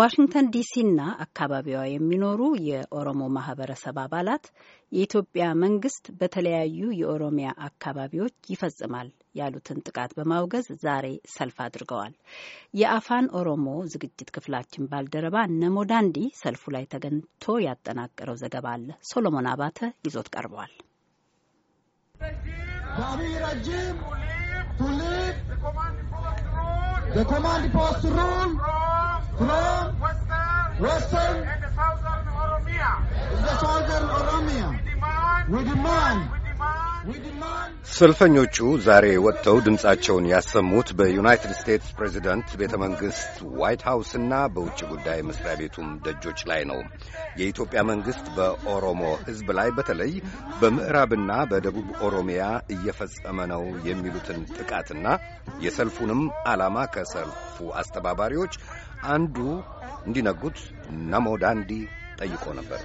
በዋሽንግተን ዲሲና አካባቢዋ የሚኖሩ የኦሮሞ ማህበረሰብ አባላት የኢትዮጵያ መንግስት በተለያዩ የኦሮሚያ አካባቢዎች ይፈጽማል ያሉትን ጥቃት በማውገዝ ዛሬ ሰልፍ አድርገዋል። የአፋን ኦሮሞ ዝግጅት ክፍላችን ባልደረባ ነሞዳንዲ ሰልፉ ላይ ተገንቶ ያጠናቀረው ዘገባ አለ። ሶሎሞን አባተ ይዞት ቀርበዋል። ኮማንድ ፖስት ሩል from Western, Southern Oromia. The Southern Oromia. We demand, ሰልፈኞቹ ዛሬ ወጥተው ድምፃቸውን ያሰሙት በዩናይትድ ስቴትስ ፕሬዚደንት ቤተ መንግሥት ዋይት እና በውጭ ጉዳይ መስሪያ ቤቱም ደጆች ላይ ነው። የኢትዮጵያ መንግሥት በኦሮሞ ሕዝብ ላይ በተለይ በምዕራብና በደቡብ ኦሮሚያ እየፈጸመ ነው የሚሉትን ጥቃትና የሰልፉንም ዓላማ ከሰልፉ አስተባባሪዎች አንዱ እንዲነጉት ናሞዳንዲ ጠይቆ ነበር።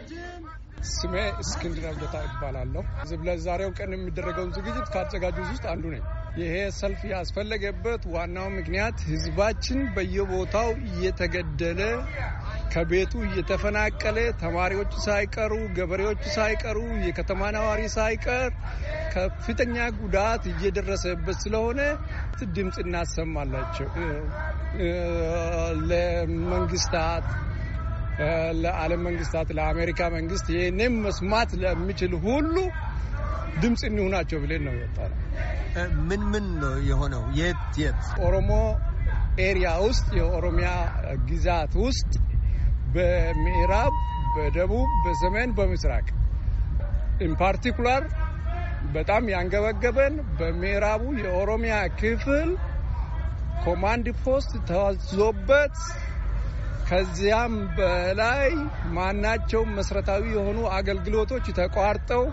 ስሜ እስክንድር አልጌታ ይባላለሁ። ለዛሬው ቀን የሚደረገውን ዝግጅት ከአዘጋጆች ውስጥ አንዱ ነኝ። ይሄ ሰልፍ ያስፈለገበት ዋናው ምክንያት ህዝባችን በየቦታው እየተገደለ ከቤቱ እየተፈናቀለ ተማሪዎቹ ሳይቀሩ ገበሬዎቹ ሳይቀሩ የከተማ ነዋሪ ሳይቀር ከፍተኛ ጉዳት እየደረሰበት ስለሆነ ድምፅ እናሰማላቸው ለመንግስታት ለዓለም መንግስታት ለአሜሪካ መንግስት ይህንም መስማት ለሚችል ሁሉ ድምፅ እንሆናቸው ብለን ነው የወጣ። ምን ምን ነው የሆነው? የት የት ኦሮሞ ኤሪያ ውስጥ የኦሮሚያ ግዛት ውስጥ በምዕራብ፣ በደቡብ፣ በሰሜን፣ በምስራቅ ኢንፓርቲኩላር በጣም ያንገበገበን በምዕራቡ የኦሮሚያ ክፍል ኮማንድ ፖስት ተዞበት ከዚያም በላይ ማናቸውም መሰረታዊ የሆኑ አገልግሎቶች ተቋርጠው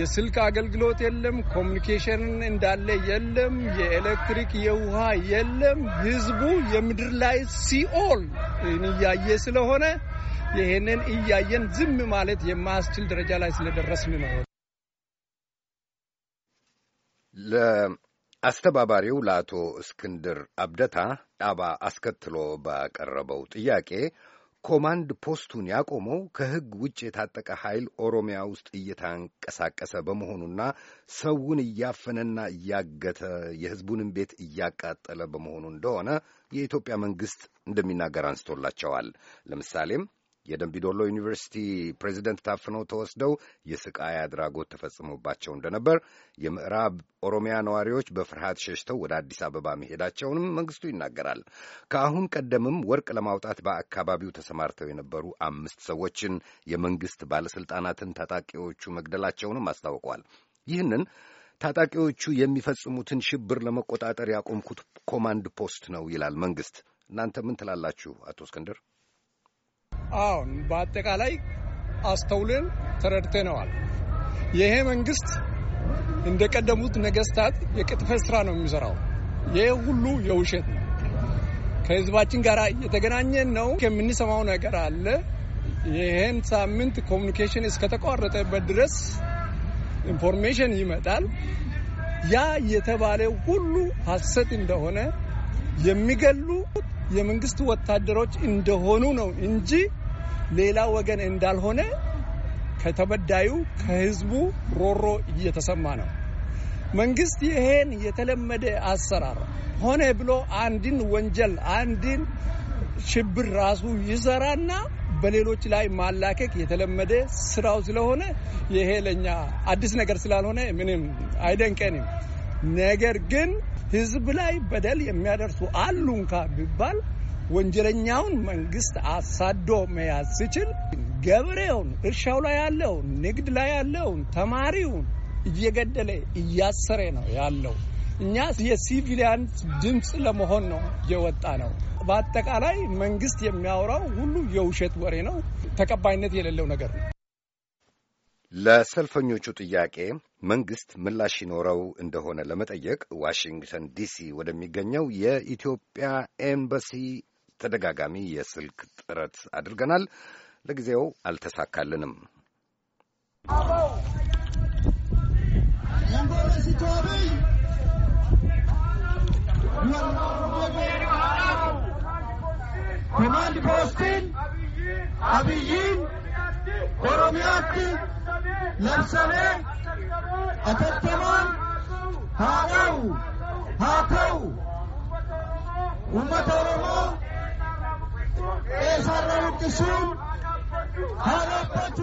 የስልክ አገልግሎት የለም፣ ኮሚኒኬሽን እንዳለ የለም፣ የኤሌክትሪክ የውሃ የለም። ህዝቡ የምድር ላይ ሲኦል እያየ ስለሆነ ይህንን እያየን ዝም ማለት የማያስችል ደረጃ ላይ ስለደረስን ነው። ለአስተባባሪው ለአቶ እስክንድር አብደታ ጣባ አስከትሎ ባቀረበው ጥያቄ ኮማንድ ፖስቱን ያቆመው ከሕግ ውጭ የታጠቀ ኃይል ኦሮሚያ ውስጥ እየተንቀሳቀሰ በመሆኑና ሰውን እያፈነና እያገተ የሕዝቡንም ቤት እያቃጠለ በመሆኑ እንደሆነ የኢትዮጵያ መንግሥት እንደሚናገር አንስቶላቸዋል። ለምሳሌም የደንቢዶሎ ዩኒቨርሲቲ ፕሬዚደንት ታፍነው ተወስደው የስቃይ አድራጎት ተፈጽሞባቸው እንደነበር፣ የምዕራብ ኦሮሚያ ነዋሪዎች በፍርሃት ሸሽተው ወደ አዲስ አበባ መሄዳቸውንም መንግስቱ ይናገራል። ከአሁን ቀደምም ወርቅ ለማውጣት በአካባቢው ተሰማርተው የነበሩ አምስት ሰዎችን የመንግስት ባለስልጣናትን ታጣቂዎቹ መግደላቸውንም አስታውቋል። ይህንን ታጣቂዎቹ የሚፈጽሙትን ሽብር ለመቆጣጠር ያቆምኩት ኮማንድ ፖስት ነው ይላል መንግስት። እናንተ ምን ትላላችሁ? አቶ እስክንድር አሁን በአጠቃላይ አስተውለን ተረድተነዋል። ይሄ መንግስት እንደ ቀደሙት ነገስታት የቅጥፈት ስራ ነው የሚሰራው። ይህ ሁሉ የውሸት ነው። ከህዝባችን ጋር የተገናኘን ነው። የምንሰማው ነገር አለ። ይህን ሳምንት ኮሚኒኬሽን እስከተቋረጠበት ድረስ ኢንፎርሜሽን ይመጣል። ያ የተባለ ሁሉ ሀሰት እንደሆነ የሚገሉ የመንግስት ወታደሮች እንደሆኑ ነው እንጂ ሌላ ወገን እንዳልሆነ ከተበዳዩ ከህዝቡ ሮሮ እየተሰማ ነው። መንግስት ይሄን የተለመደ አሰራር ሆነ ብሎ አንድን ወንጀል አንድን ሽብር ራሱ ይሰራና በሌሎች ላይ ማላከክ የተለመደ ስራው ስለሆነ ይሄ ለኛ አዲስ ነገር ስላልሆነ ምንም አይደንቀንም። ነገር ግን ህዝብ ላይ በደል የሚያደርሱ አሉ እንኳ ቢባል ወንጀለኛውን መንግስት አሳዶ መያዝ ሲችል ገበሬውን፣ እርሻው ላይ ያለውን፣ ንግድ ላይ ያለውን፣ ተማሪውን እየገደለ እያሰረ ነው ያለው። እኛ የሲቪሊያን ድምፅ ለመሆን ነው የወጣ ነው። በአጠቃላይ መንግስት የሚያወራው ሁሉ የውሸት ወሬ ነው፣ ተቀባይነት የሌለው ነገር ነው። ለሰልፈኞቹ ጥያቄ መንግሥት ምላሽ ይኖረው እንደሆነ ለመጠየቅ ዋሽንግተን ዲሲ ወደሚገኘው የኢትዮጵያ ኤምባሲ ተደጋጋሚ የስልክ ጥረት አድርገናል። ለጊዜው አልተሳካልንም። ኮማንድ ፖስትን አብይን ኦሮሚያት ለምሳሌ አተተማ፣ ሀዋው፣ ሀተው ኡመተ ኦሮሞ ኤሳራ ውቅሱ ሀረበቱ